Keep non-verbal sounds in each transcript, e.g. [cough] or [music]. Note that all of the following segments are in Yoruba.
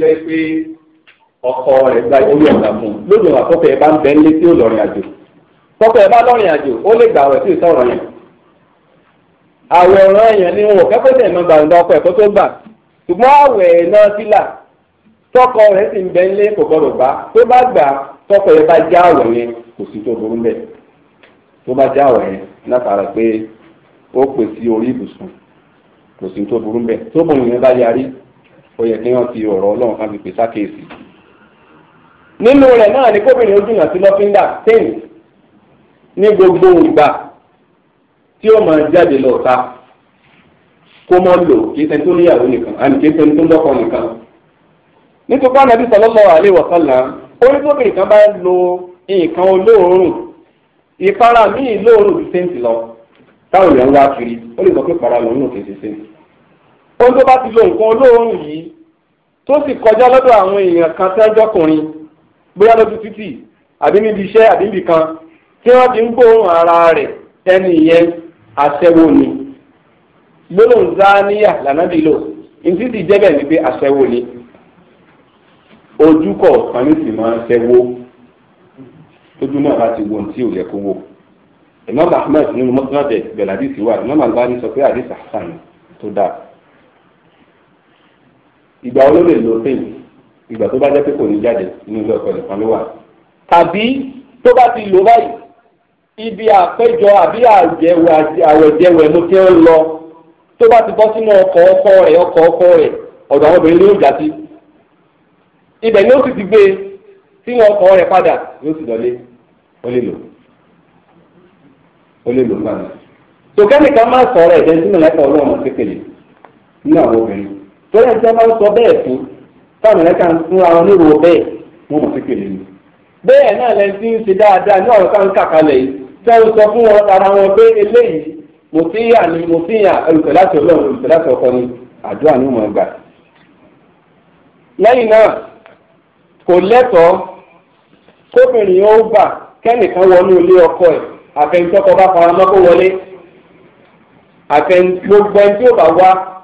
jẹ́ pé ọkọ rẹ̀ gba ìwé ọ̀gá fún un lóògùn àkọ́kọ́ ẹ bá ń bẹ nílé tí ó lọ́rìn àjò tọ́kọ̀ ẹ bá lọ́rìn àjò ó lè gbà wẹ̀ sí ìsọ̀rọ̀ yẹn àwẹ̀ ọ̀ràn èèyàn ni wọn kẹ́kọ̀ọ́ tẹ̀ mọ́ gbàǹdà ọkọ ẹ̀kọ́ tó gbà ṣùgbọ́n àwẹ̀ náà sílà tọ́kọ rẹ̀ sì ń bẹ nílé kò gbọdọ̀ gbà tó bá gbà tọ́kọ yẹn bá já àwẹ̀ yẹn kò sí tó burú bẹ́ẹ̀ tó bá já àwẹ̀ yẹn látara pé ó pèsè orí ibùsùn kò sí tó burú bẹ́ẹ̀ tó bọ̀ nìyẹn bá yarí ó yẹ kí wọ́n fi ọ̀rọ̀ ọlọ́run kan fi pè sákèésì. nínú rẹ̀ náà ni kóbìnrin ó jìnnà sí lọ́fíńdà ten ní gbogbo ìgbà tí ó máa jáde lọ ta kó mọ́ lò kí sẹ́ni tó níyàwó nìkan àmì kí sẹ́ni tó lọ́kọ nìkan. nítorí Ànábì sallallahu alaihi wasallam oníkóbìnrin kan bá ń lo nǹkan olóòórùn ìpara míì lóòórùn ti sẹ́ǹtì lọ táwọn èèyàn wá kiri ó lè sọ pé para lòun náà kì í ṣe sẹ́ǹtì ohun tó bá ti lo nǹkan olóòórùn yìí tó sì kọjá lọ́dọ̀ àwọn èèyàn kan tẹ́jọ́kùnrin bóyá lójú títì àbí níbi iṣẹ́ àbí níbi kan tí wọ́n ti ń gbóòórùn ara rẹ̀ ẹni ìyẹn aṣẹ́wó ni gbólóhùn záníyà lànàbí lò ntí sì jẹ́ bẹ́ẹ̀ ni pé aṣẹ́wó ni ojú kọ̀ọ̀kan ní sì máa ń ṣẹ́wó tójú náà bá ti wo tí ò yẹ kó wò Imam Ahmed nínú mọ́tò náà bẹ̀rẹ̀ àdìsí wa Imam Albani sọ pé àdìsí hasan tó dáa. ìgbà wo ló lè lo pain ìgbà tó bá jẹ́ pé kò ní jáde inú ilé ọkọ nìkan ló wà. ti lò báyìí ibi àpéjọ àbí àwẹ̀jẹwẹ̀ ló ti ń lọ tó bá ti bọ́ sínú ọkọ̀ ọkọ rẹ̀ ọkọ̀ ọkọ rẹ̀ ọ̀dọ̀ àwọn obìnrin ló ń ni ó sì ti gbé e, sínú ọkọ̀ rẹ̀ padà yóò sì lọlé ó lè lò ó lè lò fún àná. tòkẹ́nìkan máa sọ̀rọ̀ ẹ̀jẹ̀ sínú ẹ̀kọ́ ọlọ́run kékeré nínú àwọn torí ẹni tí wọ́n bá sọ bẹ́ẹ̀ fún táwọn ẹ̀ka ń fún ara onírò bẹ́ẹ̀ wọ́n mọ̀ sí pèlè ni. bẹ́ẹ̀ náà lẹni tí ń ṣe dáadáa ní ọ̀rọ̀ káwọn kàkálẹ̀ yìí tẹ́ ń sọ fún ara wọn pé eléyìí mo fi yà ni mo fi yà olùfẹ́ láti ọlọ́run olùfẹ́ ọkọ ni àdúrà ni mo gbà. lẹ́yìn náà kò lẹ́tọ̀ọ́ kóbìnrin ó bà kẹ́nìkan wọnú ilé ọkọ ẹ̀ àfẹnitọ́kọ bá faramọ́ kó wọlé àfẹn tí ó bá wá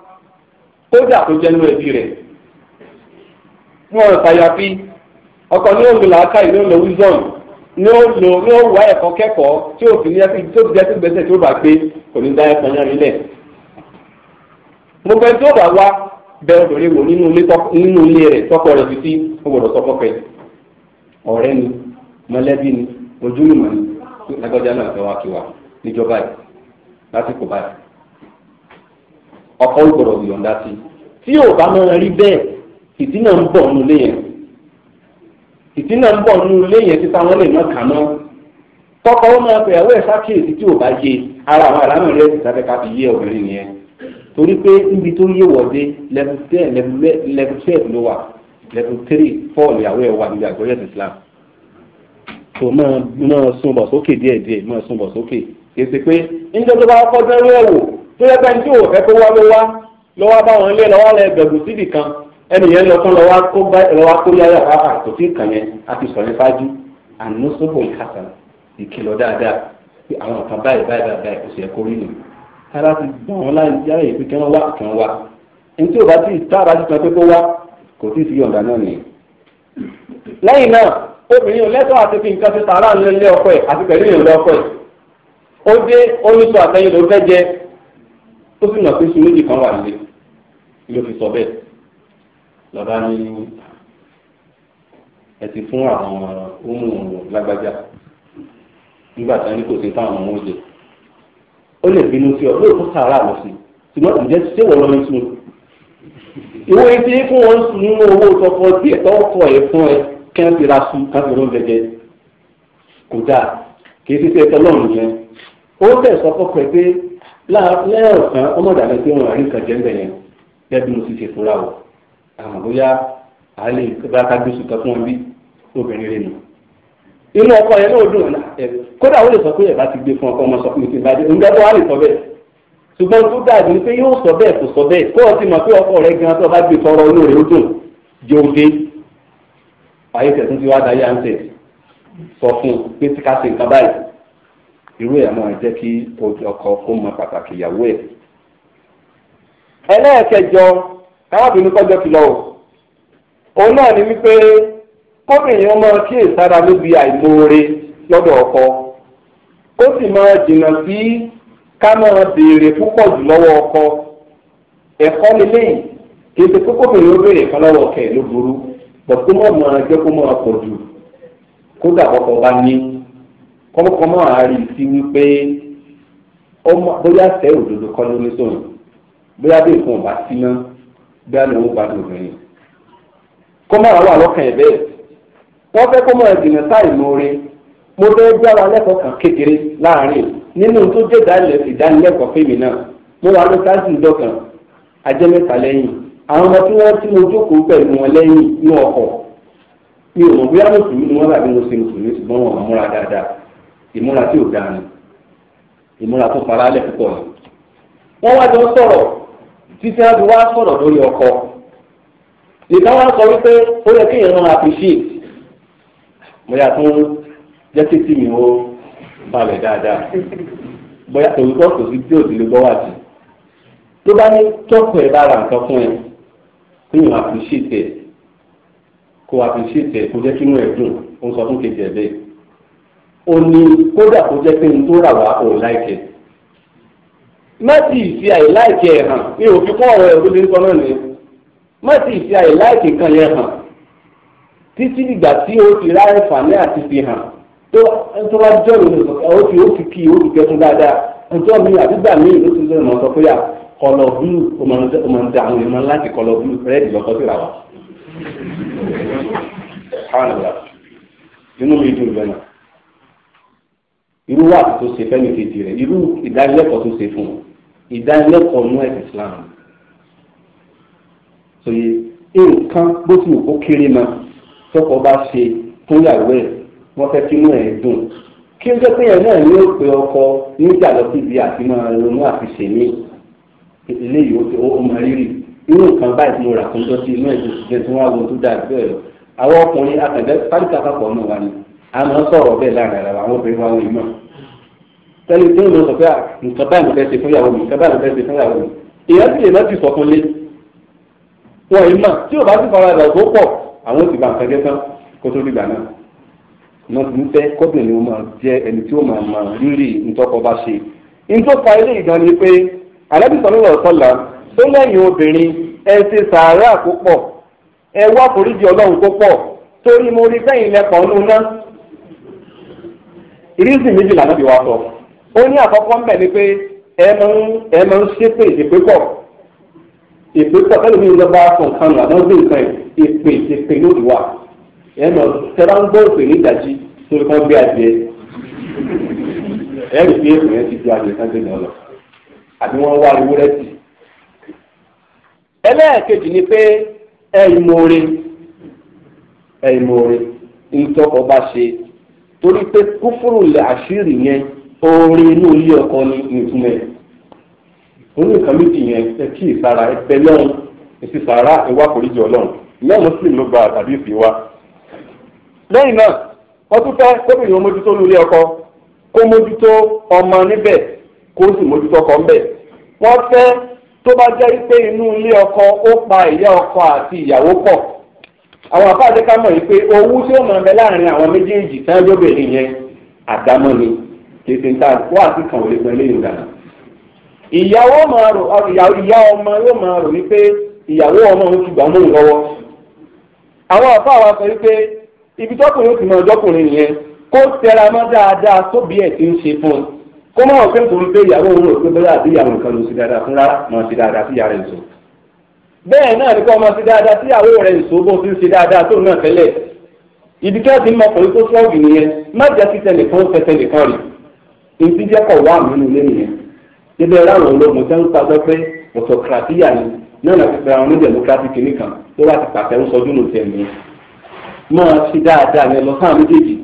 kódà tó jẹ́ nínú ẹbí rẹ̀ wọn ò fàyàfi ọkọ ní òun làákà ìlú ọ̀nà wisdom ní ó lò ní ó wá ẹ̀kọ́ kẹ́kọ̀ọ́ tí òfin ní ẹ̀fín tó jẹ́ sí gbèsè tí ó bá gbé kò ní dá ẹ̀fọn yára nílẹ̀ gbogbo ẹni tí ó bá wá bẹ́ẹ̀ obìnrin wò nínú ilé rẹ̀ tọkọ rẹ̀ fi sí ó gbọ́dọ̀ sọ fọ́fẹ́ ọ̀rẹ́ ni mọ̀lẹ́bí ni ojúlùmọ̀ ni lágbájá náà fẹ́ wá kí wa níjọba yìí lásìkò báyìí ọkọ ìgbọ̀rọ̀ ìyọ̀ǹda sí tí ò bá máa rí bẹ́ẹ̀ fìtínà ń bọ̀ nínú ilé yẹn fìtínà ń bọ̀ nínú ilé yẹn títa wọn lè má kà mọ́ tọkọ ó máa pẹ̀yàwó ẹ̀ sákèésí tí ò bá yé ara àwọn àlámọ̀ rẹ̀ sì sáfẹ́ ká fi yé obìnrin nìyẹn torí pé níbi tó yé wọ̀dé level ten level twelve ló wà level three four ìyàwó ẹ̀ wà níbi àgbọ̀yẹ̀ Islam tó máa máa sún bọ̀ sókè díẹ̀díẹ̀ máa sún bọ̀ sókè kì í ṣe pé níjọ́ tó bá kọ́ dẹ́rú wò tó yẹ tí òwò fẹ́ kó wá ló wá lọ́wọ́ báwọn ilé lọ́wọ́ rẹ̀ gbẹ̀gùn síbì kan ẹnìyẹn lọ fún lọ́wọ́ kó yáyà tí kàn yẹn a ti sọ̀rọ̀ fájú ànúsọ́bọ̀ ìkàtàn ìkìlọ̀ dáadáa pé àwọn kan báyìí báyìí báyìí kò ẹ̀kọ́ rí nù tára ti gbọ́n wọn yára yìí pé kí wọ́n ó sì mọ̀ pé sùn méjì kan wà nílé ló fi sọ bẹ́ẹ̀ lọ́ba ní ẹ ti fún àwọn ohun ọ̀rọ̀ lágbájá nígbà tí wọ́n ní kò sí táwọn ọmọ oúnjẹ ó lè bínú sí ọ lóòótọ́ sàárà lọ sí ṣùgbọ́n ìjẹ́ ṣé wọ́n lọ́ọ́ sùn ìwé tí fún wọn sùn nínú owó tọkọ tí ẹ̀tọ́ fọ ẹ̀ fún ẹ kí wọ́n ti ra sùn ká fi rún gẹ́gẹ́ kódà kì í ti ṣe ẹ̀tọ́ lọ́rùn yẹn ó tẹ̀ sọ fọ́pẹ́ pé lẹ́ẹ̀kan ọmọ ìdàgbẹ́ pé wọn àrí nǹkan jẹ́ ń bẹ̀yẹn gẹ́gẹ́ bí mo ti ṣe fúnra o àmọ́ bóyá a lè bá ká gbèsè kan fún wọn bí obìnrin rẹ nù. inú ọkọ yẹn náà dùn ẹ kódà ó lè sọ pé ẹ bá ti gbé fún ọkọ ọmọ sọ pé mi ti bá dé ǹjẹ́ bó wà lè sọ bẹ́ẹ̀ ṣùgbọ́n tó dáàbò ni pé yóò sọ bẹ́ẹ̀ kò sọ bẹ́ẹ̀ kó o ti mọ̀ pé ọkọ rẹ gan tó o bá gbé tọrọ olóore ó dùn jẹ òde fún un irú ẹ̀ máa jẹ́ kí ọkọ kó ma pàtàkì ìyàwó ẹ̀. ẹlẹ́ẹ̀kẹjọ káwábìnrin kọjọ kìlọ̀ o òun náà ni wípé kóbìnrin ọmọ kíyèsára níbi àìmoore lọ́dọ̀ ọkọ kó sì máa jìnnà sí ká máa béèrè púpọ̀ jù lọ́wọ́ ọkọ ẹ̀kọ́ lélẹ́yìn kì í ṣe pé ó béèrè kan lọ́wọ́ ọkọ ló burú bọ̀ kó mọ̀ máa jẹ́ kó máa pọ̀ jù kódà bá ní. kọ́mọkọ́mọ àárín sí wípé ọmọ bóyá tẹ òdodo kọ́ lórí sóun bóyá bí nǹkan ọba sí ná bóyá lòun bá dùn obìnrin kọ́mọ àwọn àlọ́kàn ẹ̀ bẹ́ẹ̀ wọ́n fẹ́ kọ́mọ ẹ̀dìnà sáì lóore mo fẹ́ gbára lẹ́kọ̀ọ́ kan kékeré láàrin nínú tó jẹ́ ìdánilẹ́kọ̀ọ́ fèmí náà mo wà ní sáàsì ìdọ́kan ajẹ́mẹ́ta lẹ́yìn àwọn ọmọ tí wọ́n tí mo jókòó pẹ̀lú wọn lẹ́yìn ní ọkọ̀ mi ò mọ̀ bóyá mùsùlùmí ni wọ́n làbí mo ṣe mùsùlùmí ṣùgbọ́n wọn múra dáadáa ìmúra tí ò dáa ni ìmúra tó fara lẹ̀ púpọ̀ ni. wọ́n wá jọ sọ̀rọ̀ títí á fi wá sọ̀rọ̀ lórí ọkọ nìkan wá sọ wípé ó yẹ kéèyàn náà appreciate bóyá tó jẹ́ títí mi ó balẹ̀ dáadáa bóyá tòun kọ́ kò sí tí ò sì lè gbọ́ wà jù tó bá ní tọ́kọ̀ ẹ̀ bá ra nǹkan fún ẹ kéèyàn appreciate ẹ̀ kó appreciate ẹ̀ kó jẹ́ kínú ẹ̀ dùn ó ń sọ fún kejì ẹ̀ bẹ́ẹ̀. ó ní kódà kó jẹ́ pé n tó rà wá òun láìkẹ́ má sì fi àìláìkẹ́ ẹ̀ hàn ní òfin kọ́ ọ̀rọ̀ ẹ̀rú náà ni ti àti fi hàn tó tó bá jọ ìlú ó fi ó fi kí ó fi dáadáa ọjọ́ mi àdúgbà mi ló ti kọlọ blu ọmọ nta àwọn láti blu [laughs] irú wàásù tó ṣe fẹ́mi kejì rẹ̀ irú ìdánilẹ́kọ̀ọ́ tó ṣe fún un ìdánilẹ́kọ̀ọ́ nú ẹ̀sìn Islam sòye nǹkan bó ti wù kó kéré ma tọkọ bá ṣe fún ìyàwó ẹ̀ wọ́n fẹ́ kínú ẹ̀ dùn kí ó jẹ́ pé ẹ̀ náà ní ó pe ọkọ níjà lọ síbi àti máa ronú àti ṣèmí eléyìí ó máa rírì irú nǹkan báyìí mo rà fún jọ́sí inú ẹ̀ tó ṣiṣẹ́ tí wọ́n á wo tó dáa bẹ́ẹ̀ àwọn ọkùnrin akẹ̀dẹ́ pálíkà papọ̀ náà wà ní a máa sọ̀rọ̀ bẹ́ẹ̀ láàrin ara àwọn obìnrin wa wọn yìí mọ̀ tẹ́lẹ̀ tí wọ́n sọ pé nǹkan báyìí fẹ́ ṣe fúnyàwó mi nǹkan báyìí fẹ́ ṣe fúnyàwó mi èèyàn sì lè má ti sọ fún lé wọn yìí mọ̀ tí ò bá sì fara rẹ̀ tó pọ̀ àwọn ò sì bá nǹkan jẹ́ tán kó tó dìgbà náà wọn ti ń fẹ́ kọ́bìn ni wọ́n máa jẹ́ ẹni tí ó máa máa rírì ntọ́kọ bá ṣe nítorí fa ilé ìgbà ni pé alábìsọ̀ ló lọ́ọ́ rízì méjìlá náà bí wàá sọ ó ní àkọ́kọ́ ń bẹ̀ ni pé ẹ máa ń ẹ máa ń ṣépè ìpépọ̀ tẹ́lẹ̀ mi lọ́ba fún nǹkan nù wà ẹ tẹ́lá ń gbọ́ ní ìdájí torí kan gbé adìẹ ẹ rí pé èpè ti di adìẹ àbí wọ́n wá tì ẹlẹ́ẹ̀kejì torí pé kúfúrú lè àṣírí yẹn orin inú ilé ọkọ ní ìtumẹ̀ orí nǹkan méjì yẹn ẹ kí ìsara ẹgbẹ́ lọ́hùn èsì sàrà ìwà kòríjì ọlọ́run ìyá muslim ló gba àtàbí ìfì wa. lẹ́yìn náà wọ́n tún fẹ́ kóbìnrin mójútó ní ilé ọkọ kó mójútó ọmọ níbẹ̀ kó sì mójútó ọkọ ńbẹ̀ wọ́n fẹ́ tó bá jẹ́ pé inú ilé ọkọ ó pa ìyá ọkọ àti ìyàwó pọ̀ àwọn àbájá ká mọ̀ owu owó tí ó máa bẹ láàrin àwọn méjèèjì ni ta wọ́n àti kàn wọlé pẹ̀lú ìgbà ìyàwó máa rò ìyá ọmọ yóò máa rò wípé ìyàwó ọmọ òun ti gbà mú un lọ́wọ́. àwọn àbá wa sọ wípé ibi tọkùnrin ti mọ ọjọ́kùnrin nìyẹn kó tẹra mọ́ dáadáa ti ń ṣe fún un kó mọ̀ pé nítorí pé ìyàwó òun rò pé bẹ́ẹ̀ ìyàwó nǹkan ló ṣe dáadáa bẹ́ẹ̀ náà ní kí ọmọ sí dáadáa sí ìyàwó rẹ̀ èso bó ti ń ṣe dáadáa tó náà tẹ́lẹ̀ ibi kí wọ́n ti ń mọ pẹ̀lú tó sọ́ọ̀gì nìyẹn má jẹ́ sí tẹnìkan fẹ́ tẹnìkan rì ní ti jẹ́ kọ̀ wá àmínú ilé nìyẹn níbẹ̀ ráwọn ológun tẹ́ ń padà pé autocratia ni náà láti pẹ̀lú àwọn onídẹ̀mọ́kírátì kìíní kan tó wá ti pàtẹ́ ń sọjú nù tẹ̀mí máa ṣe dáadáa yẹn lọ sáà méjèèjì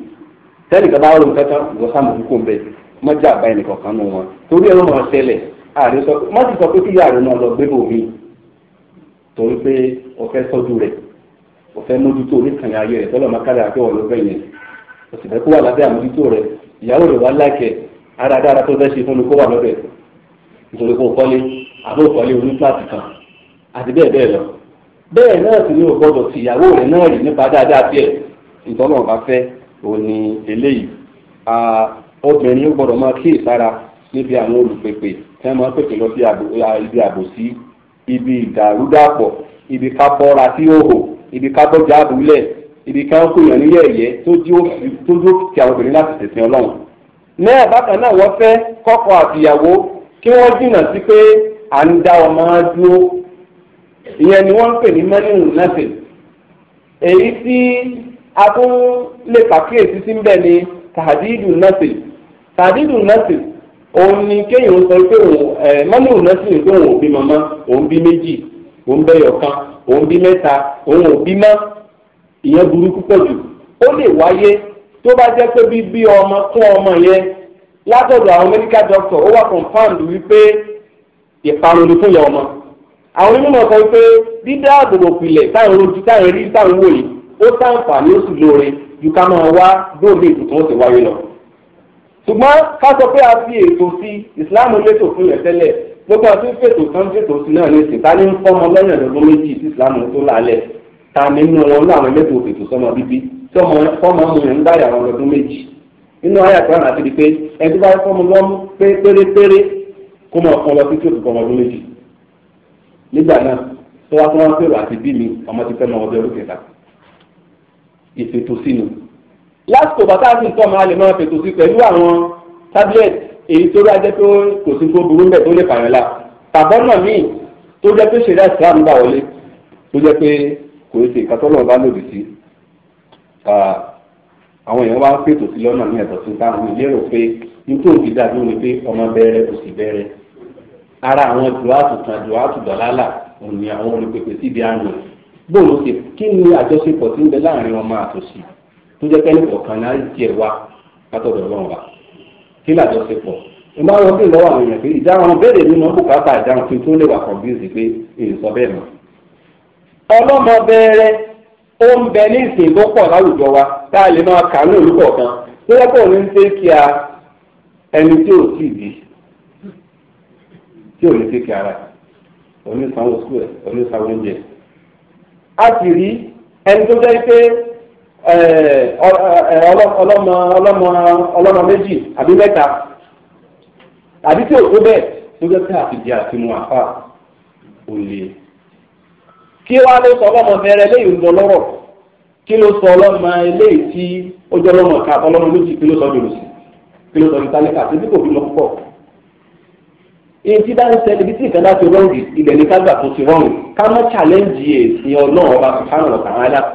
tẹ́nìkan bá rò nǹkan kan torí pé o fẹ́ rẹ rẹ̀ o fẹ́ mójútó oníkànnì ayé rẹ̀ tọ́lọ̀ máa kára àkẹ́wọ̀ ló bẹ̀yẹn o sì kó wà àmójútó rẹ̀ ìyàwó rẹ̀ wà láìkẹ́ ara dára tó fẹ́ ṣe fún mi kó wà nítorí kó àbó lọ náà sì ni ti ìyàwó náà rí nípa dáadáa òní eléyìí obìnrin máa níbi àwọn olùpèpè máa ibi ìdàrúdàpọ̀ ibi ká bọ́ra sí òhò ibi ká bọ́jà àbúlẹ̀ ibi ká ń kóyàn ní yẹ̀yẹ́ tó dúró ti àwọn obìnrin láti tẹ̀sìn ọlọ́run. ní àbákan náà wọ́n fẹ́ kọ́kọ àtìyàwó kí wọ́n jìnnà sí pé à ń dá ọmọ dúró ìyẹn ni wọ́n ń pè ní mẹ́nìrún nẹ́sìn. èyí tí a tún lè pàkíyèsí sí ń bẹ̀ ni tàdídù nẹ́sìn tàdídù òun ni kéèyàn sọ pé òun ẹ mọ́nìwò náà sì ń pé òun ò bí màmá òun bí méjì òun bẹ́yọ̀ kan òun bí mẹ́ta òun ò bí mọ́ ìyẹn burúkú pọ̀ jù ó lè wáyé tó bá jẹ́ pé bíbí ọmọ fún ọmọ yẹn látọ̀dọ̀ àwọn medical doctor ó wà confirmed wípé ìparun ni fún ìyá ọmọ àwọn onímọ̀ sọ pé dídá àbòbò pilẹ̀ táwọn ojú táwọn rí táwọn wò yìí ó ṣàǹfààní ó sì lóore ju ká máa wá dóòlì ìtùtù ó sì wáyé lọ ṣùgbọ́n ká sọ pé a fi ètò sí ìsìláàmù létò fún rẹ̀ tẹ́lẹ̀ gbogbo àti fètò tán fètò sí náà ní ìsìn ta ní ń fọ́mọ lọ́yìn ọ̀dọ́gbọ́n méjì tí ìsìláàmù tó lálẹ̀ ta ni nínú wọn láwọn elétò fètò sọmọ bíbí tọmọ fọ́mọ mu yẹn ń dáyà wọn lọ́dún méjì nínú ayé àkọ́rọ́ àti di pé ẹni bá fọ́mọ lọ́mú pérépéré kó mọ̀ ọ̀kan lọ sí tí òkùnkùn ọmọdún méjì nígbà náà tó wá tó wá ń fèrò àti bí mi ọmọ ti fẹ́ mọ ọdún lásìkò bàtà sí nǹkan máa lè máa fètò sí pẹ̀lú àwọn tablet èyí tó bá jẹ́ pé kò sí tó burú mbẹ̀ tó lè pààyàn la tàbọ́nà míì tó jẹ́ pé ṣẹ̀dá Islam gbà wọlé tó jẹ́ pé kò ṣe ìkatọ́lọ́ bá lòdì sí àwọn èèyàn wá ń fètò sí lọ́nà ní ẹ̀tọ́ sí táwọn ìlérò pé nítorí òun ti dàbí òun ni pé ọmọ bẹ̀rẹ̀ kò sì bẹ̀rẹ̀ ara àwọn dùwàtù kan dùwàtù dọ̀lálà òun ni àwọn olùpèpè síbi àná bóòlù ṣe kí ni àjọṣepọ̀ tí ń bẹ láàrin ọmọ àtòṣì tó jẹ́ pẹ́ẹ́nì kọ̀ọ̀kan náà jẹ̀ wá látọ̀dọ̀ ọlọ́run wa kí làjọṣepọ̀ ẹ máa rọ pé lọ́wọ́ àwọn èèyàn pé ìdáhùn béèrè nínú bùkátà ìdáhùn tí tó lè wà kọ̀ǹbíùsì pé èyí sọ bẹ́ẹ̀ mọ́. ọlọ́mọ bẹ̀rẹ̀ ó ń bẹ ní ìsìn tó pọ̀ láwùjọ wa tá a lè máa kà ní olùkọ̀ kan tó yẹ kó ní ń tẹ́ kí a ẹni tí ò tí ì bí tí ò ní tẹ́ kí ara onísanwó skul ẹ̀ onísanwó oúnjẹ. a sì rí ẹni tó jẹ́ pé ọlọ́mọ méjì àbí mẹ́ta àbí tí òkú bẹ́ẹ̀ tó jẹ́ a àfìjẹ́ àti mu àfà ò kí wá ló sọ ọlọ́mọ bẹ̀rẹ̀ lẹ́yìn ìlú kí ló sọ ọlọ́mọ tí ó jẹ́ ọlọ́mọ ká ọlọ́mọ méjì kí ló sọ sí kí ló sọ kò fi lọ púpọ̀. èyí tí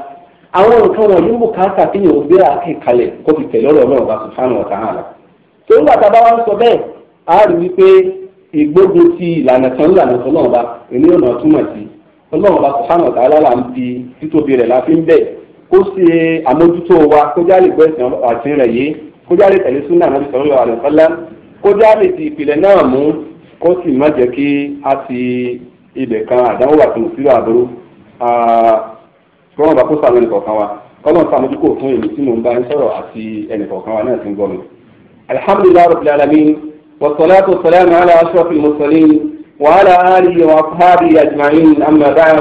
àwọn nǹkan wọ̀nyí ń bùkátà kí yòó gbé àáké kalẹ̀ kó fi tẹ̀lé ọ̀rọ̀ náà Ọba subhanahu wa ta'ala. tó ń bá ń sọ bẹ́ẹ̀ a rí wípé ìgbógun ti ìlànà kan ìlànà tó náà bá èmi ọ̀nà túmọ̀ sí Ọlọ́run ń la ń bẹ̀ kó ṣe àmójútó wa àti rẹ̀ yé lè tẹ̀lé súnà kọ́lọ́n bá kó sàmì ẹnìkọ̀ọ̀kan wa kọ́lọ́n sàmójúkò fún èmi tí mò ń bá ń sọ̀rọ̀ àti ẹnìkọ̀ọ̀kan wa náà ti ń gbọ́ mi. alhamdulillahi rabbil alamin wa salatu wa salamu ala ashrafil mursalin wa ala alihi wa ashabihi ajma'in amma ba'd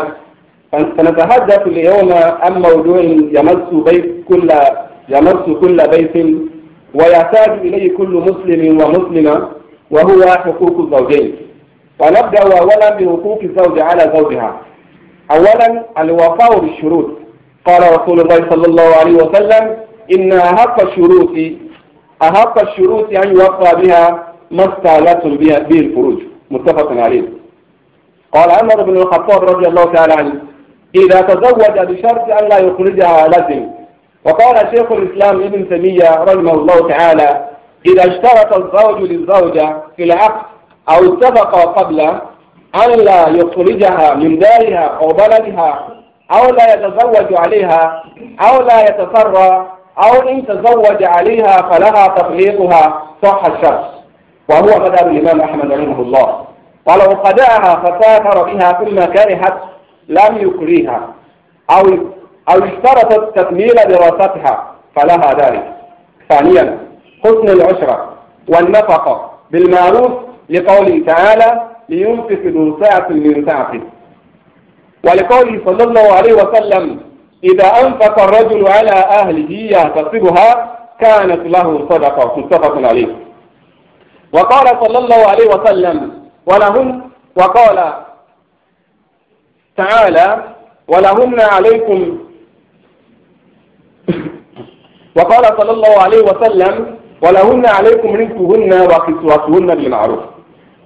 فنتحدث اليوم عن موضوع يمس بيت كل يمس كل بيت ويحتاج إليه كل مسلم ومسلمة وهو حقوق الزوجين ونبدأ أولا بحقوق الزوج على زوجها أولا الوفاء بالشروط قال رسول الله صلى الله عليه وسلم إن أهق الشروط أهق الشروط أن يوفى بها ما استعلت به الفروج متفق عليه قال عمر بن الخطاب رضي الله تعالى عنه إذا تزوج بشرط أن لا يخرجها لزم وقال شيخ الإسلام ابن تيمية رحمه الله تعالى إذا اشترط الزوج للزوجة في العقد أو اتفق قبله أن لا يخرجها من دارها أو بلدها أو لا يتزوج عليها أو لا يتسرى أو إن تزوج عليها فلها تطليقها صح الشرط وهو مذهب الإمام أحمد رحمه الله ولو خدعها فسافر بها ثم كرهت لم يكريها أو أو اشترطت تكميل دراستها فلها ذلك ثانيا حسن العشرة والنفقة بالمعروف لقوله تعالى لينفق ذو سعة من سعته ولقوله صلى الله عليه وسلم إذا أنفق الرجل على أهله يعتصرها كانت له صدقة متفق عليه وقال صلى الله عليه وسلم ولهم وقال تعالى ولهن عليكم وقال صلى الله عليه وسلم ولهن عليكم رزقهن وكسوتهن بالمعروف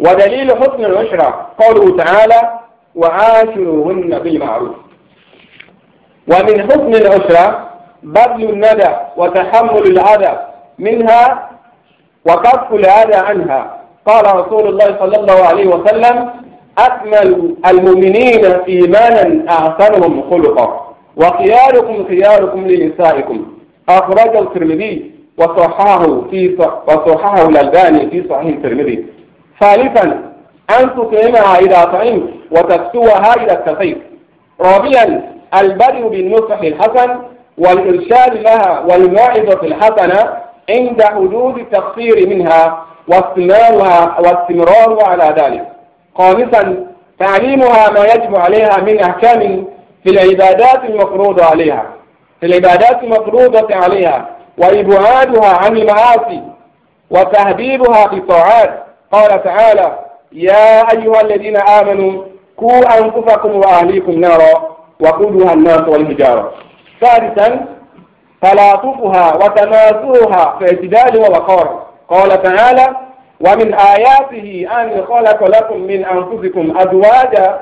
ودليل حسن العشرة قوله تعالى وعاشروهن بالمعروف ومن حسن العشرة بذل الندى وتحمل الأذى منها وكف الأذى عنها قال رسول الله صلى الله عليه وسلم أكمل المؤمنين إيمانا أحسنهم خلقا وخياركم خياركم لنسائكم أخرجه الترمذي وصححه في وصححه الألباني في صحيح الترمذي ثالثا أن تطعمها إذا طعمت وتكسوها إذا اكتفيت رابعا البدء بالنصح الحسن والإرشاد لها والموعظة الحسنة عند حدود التقصير منها واستمرارها واستمرارها على ذلك خامسا تعليمها ما يجب عليها من أحكام في العبادات المفروضة عليها في العبادات المفروضة عليها وإبعادها عن المعاصي وتهذيبها بالطاعات قال تعالى يا أيها الذين آمنوا كوا أنفسكم وأهليكم نارا وقودها الناس والحجارة ثالثا تلاطفها وتناسوها في اعتدال ووقار قال تعالى ومن آياته أن خلق لكم من أنفسكم أزواجا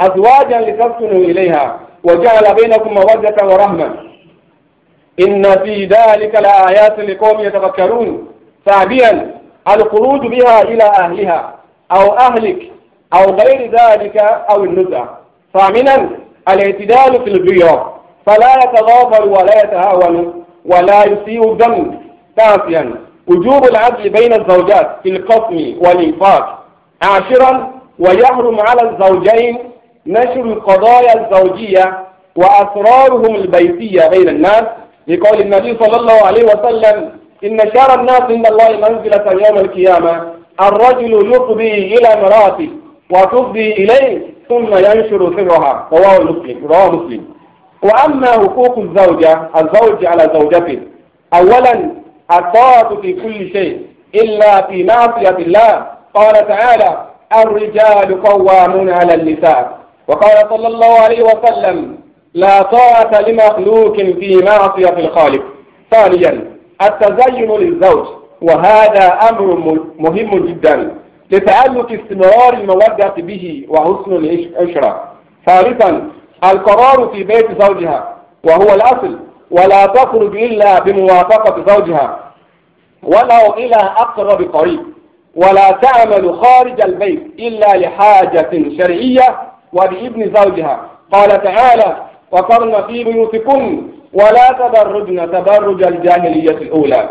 أزواجا لتسكنوا إليها وجعل بينكم مودة ورحمة إن في ذلك لآيات لقوم يتفكرون سابعا الخروج بها إلى أهلها أو أهلك أو غير ذلك أو النزع ثامنا الاعتدال في الغياب فلا يتغافل ولا يتهاون ولا يسيء الذنب تاسعا وجوب العدل بين الزوجات في القسم والإنفاق عاشرا ويحرم على الزوجين نشر القضايا الزوجية وأسرارهم البيتية بين الناس لقول النبي صلى الله عليه وسلم إن شر الناس إن الله منزلة يوم القيامة الرجل يفضي إلى امرأته وتفضي إليه ثم ينشر سرها رواه مسلم رواه مسلم وأما حقوق الزوجة الزوج على زوجته أولا الطاعة في كل شيء إلا في معصية الله قال تعالى الرجال قوامون على النساء وقال صلى الله عليه وسلم لا طاعة لمخلوق في معصية الخالق ثانيا التزين للزوج وهذا أمر مهم جدا لتألق استمرار المودة به وحسن العشرة ثالثا القرار في بيت زوجها وهو الأصل ولا تخرج إلا بموافقة زوجها ولو إلى أقرب قريب ولا تعمل خارج البيت إلا لحاجة شرعية وبإذن زوجها قال تعالى وقرن في بيوتكن ولا تبرجن تبرج الجاهلية الأولى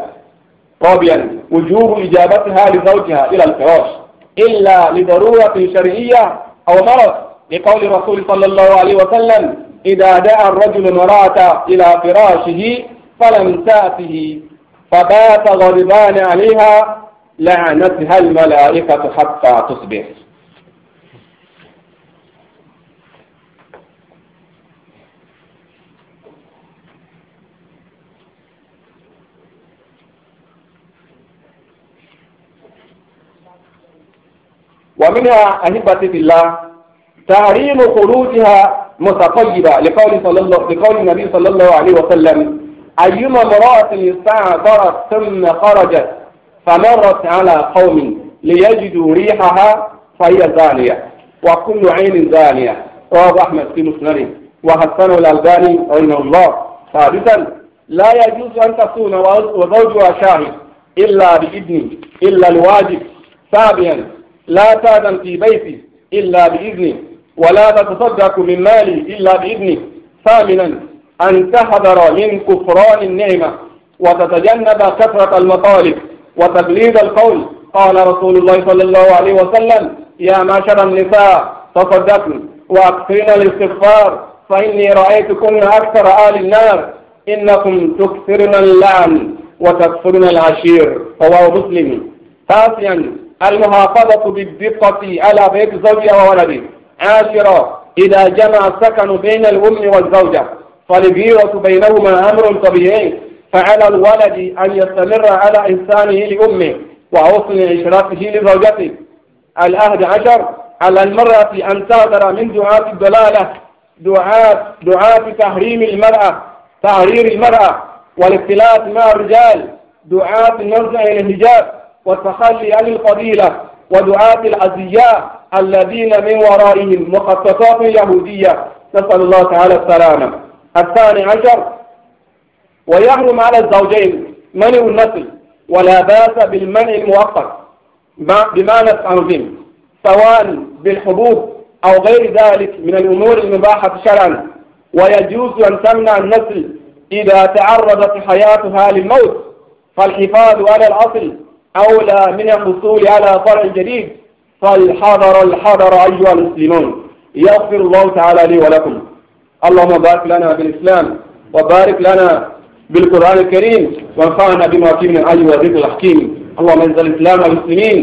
رابعا وجوب إجابتها لزوجها إلى الفراش إلا لضرورة شرعية أو مرض لقول الرسول صلى الله عليه وسلم إذا دعا الرجل امرأة إلى فراشه فلم تأته فبات غضبان عليها لعنتها الملائكة حتى تصبح ومنها أهبة في الله تحريم خروجها متطيبة لقول صلى الله لقول النبي صلى الله عليه وسلم أيما امرأة استعطرت ثم خرجت فمرت على قوم ليجدوا ريحها فهي زانية وكل عين زانية رواه أحمد في مسنده وحسنه الألباني رحمه الله ثالثا لا يجوز أن تكون وزوجها شاهد إلا بإذن إلا الواجب سابعا لا تأذن في بيتي إلا بإذني ولا تتصدق من مالي إلا بإذني ثامنا أن تحذر من كفران النعمة وتتجنب كثرة المطالب وتقليد القول قال رسول الله صلى الله عليه وسلم يا معشر النساء تصدقن وأكثرن الاستغفار فإني رأيتكم أكثر آل النار إنكم تكثرن اللعن وتكثرن العشير رواه مسلم تاسعا المحافظة بالدقة على بيت زوجها وولده عاشرة إذا جمع السكن بين الأم والزوجة فالغيرة بينهما أمر طبيعي فعلى الولد أن يستمر على إنسانه لأمه وحسن إشرافه لزوجته الأهد عشر على المرأة أن تعذر من دعاة الضلالة دعاة دعاة تحريم المرأة تحرير المرأة والاختلاط مع الرجال دعاة نزع الحجاب والتخلي عن القبيلة ودعاة الأزياء الذين من ورائهم مخططات يهودية نسأل الله تعالى السلامة الثاني عشر ويحرم على الزوجين منع النسل ولا باس بالمنع المؤقت بمعنى التنظيم سواء بالحبوب أو غير ذلك من الأمور المباحة شرعا ويجوز أن تمنع النسل إذا تعرضت حياتها للموت فالحفاظ على الأصل أولى من الحصول على فرع جديد فالحضر الحضر أيها المسلمون يغفر الله تعالى لي ولكم اللهم بارك لنا بالإسلام وبارك لنا بالقرآن الكريم وانفعنا بما فيه من الآي والذكر الحكيم اللهم انزل الإسلام والمسلمين